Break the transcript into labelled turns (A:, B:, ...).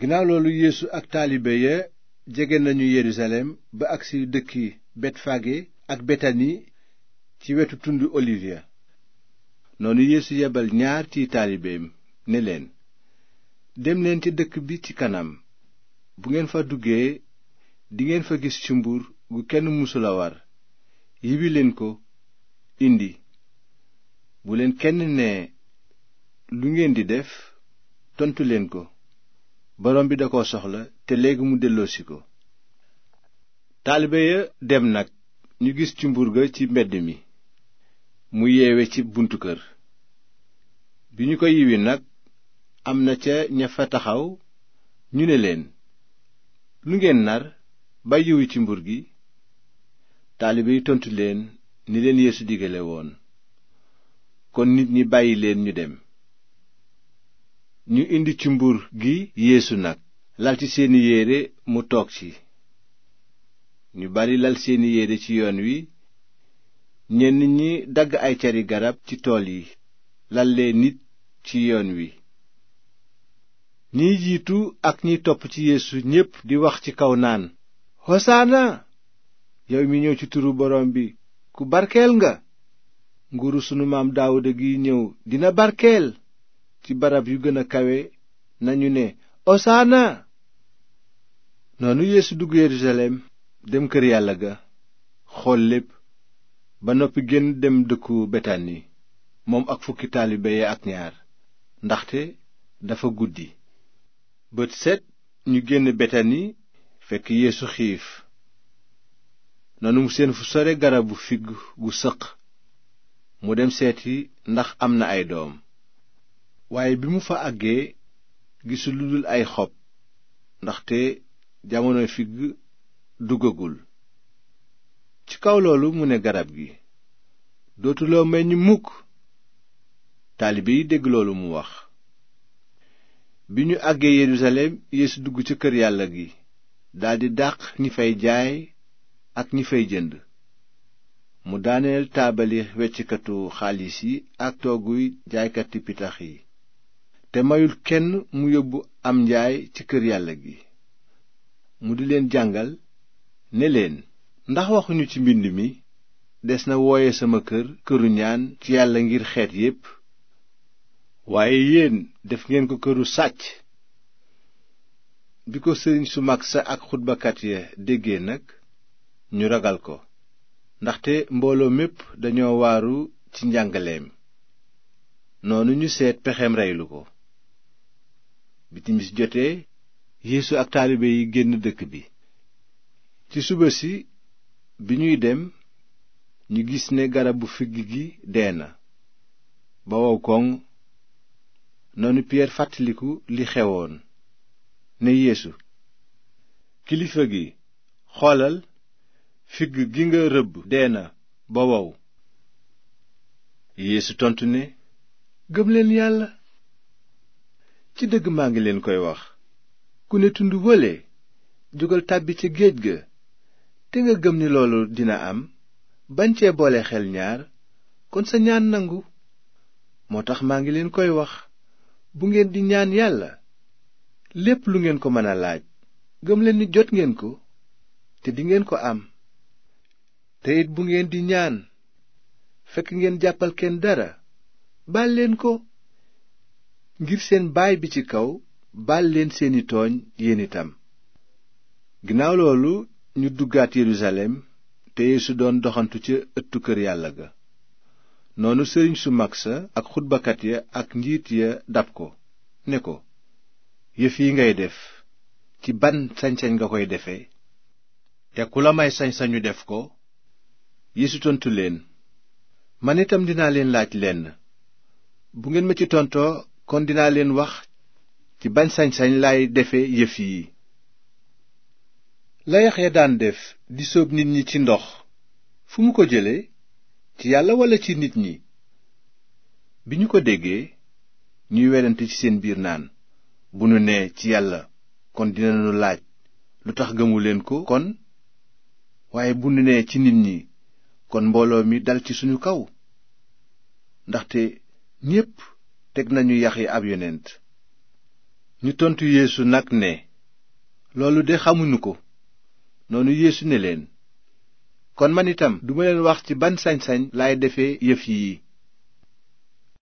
A: ginnaaw loolu yéesu ak taalibe ya jege nañu yerusalem ba agsi dëkki betfage ak betani ci wetu tund oliw ya noonu yéesu yebal ñaar ci taalibeem ne leen dem leen ci dëkk bi ci kanam bu ngeen fa duggee dingeen fa gis cumbur gu kenn mësula war yiwi leen ko indi bu leen kenn nee lu ngeen di def tontu leen ko borom bi da ko soxla te léegi mu delloosi ko taalibe ya dem nag ñu gis cumbur ga ci mbedd mi mu yeewe ci buntu kër bi ñu ko yiwi nag am na ca ña fa taxaw ñu ne leen lu ngeen nar ba yiwi cumbur gi taalibe yi tontu leen ni leen yéesu digale woon kon nit ñi bàyyi leen ñu dem ñu indi ci mbur gi yéesu nag lal ci seeni yéere mu toog ci ñu bari lal seeni yéere ci yoon wi ñenn ñi dagg ay cari garab ci tool yi lal leen nit ci yoon wi ñiy jiitu ak ñi topp ci yeesu ñépp di wax ci kaw naan hosaana yow mi ñëw ci turu borom bi ku barkeel nga nguuru sunu maam daawuda gi ñëw dina barkeel ci barab yu gën a kawe nañu ne osaana noonu yeesu dugg yerusalem dem kër yàlla ga xool lépp ba noppi génn dem dëkku betani moom ak fukki taalibe ya ak ñaar ndaxte dafa guddi bët set ñu génn betani fekk yeesu xiif noonu mu seen fu sore garabu figg gu sëq mu dem seeti ndax am na ay doom waaye bi mu fa àggee gisul lu dul ay xob ndaxte jamono figg duggagul ci kaw loolu mu ne garab gi dootuloo meññ mukk taalibe yi dégg loolu mu wax bi ñu àggee yerusalem yeesu dugg ci kër yàlla gi daldi dàq ñi fay jaay ak ñi fay jënd mu daaneel taabali weccikatu xaalis yi ak tooguy jaaykati pitax yi te mayul kenn mu yóbbu am njaay ci kër yàlla gi mu di leen jàngal ne leen ndax waxuñu ci mbind mi des na wooye sama kër këru ñaan ci yàlla ngir xeet yépp waaye yéen def ngeen ko këru sàcc bi ko sëriñ su mag ak xutbakat ya déggee nag ñu ragal ko ndaxte mbooloo mépp dañoo waaru ci njàngaleem noonu ñu seet pexem reylu ko bi timis jotee yéesu ak taalibe yi génn dëkk bi ci suba si bi ñuy dem ñu gis ne garabu figg gi dee na ba wow koŋ noonu piyeer fàttaliku li xewoon ne yéesu kilifa gi xoolal figg gi nga rëbb dee na ba wow yéesu tontu ne gëm yàlla ci dëgg maa ngi leen koy wax ku ne tund wële jógal tàbbi ca géej ga te nga gëm ni loolu dina am bañ cee boole xel ñaar kon sa ñaan nangu moo tax maa ngi leen koy wax bu ngeen di ñaan yàlla lépp lu ngeen ko mën a laaj gëm leen ni jot ngeen ko te dingeen ko am te it bu ngeen di ñaan fekk ngeen jàppal kenn dara baal leen ko ngir seen baay bi ci kaw bal leen seeni tooñ yéen itam ginnaaw loolu ñu duggaat yerusalem te yeesu doon doxantu ca ëttu kër yàlla ga noonu sëriñ su mag sa ak xutbakat ya ak njiit ya dab ko ne ko yëf yi ngay def ci ban sañ-sañ nga koy defe te ku la may sañ-sañu def ko yeesu tontu leen man itam dinaa leen laaj lenn bu ngeen ma ci tontoo kon dinaa leen wax ci bañ sañ-sañ laay defe yëf yi la Yaxya daan def di sóob nit ñi ci ndox fu mu ko jële ci yàlla walla ci nit ñi bi ñu ko déggee ñuy werante ci seen biir naan bu nu nee ci yàlla kon dinañu laaj lu tax gëmu leen ko kon waaye bu nu nee ci nit ñi kon mbooloo mi dal ci suñu kaw ndaxte ñépp teg nañu yaxi ab yonent ñu tontu yéesu nag ne loolu de xamuñu ko noonu yéesu ne leen kon man itam duma leen wax ci ban sañsañ lay laay defe yëf yii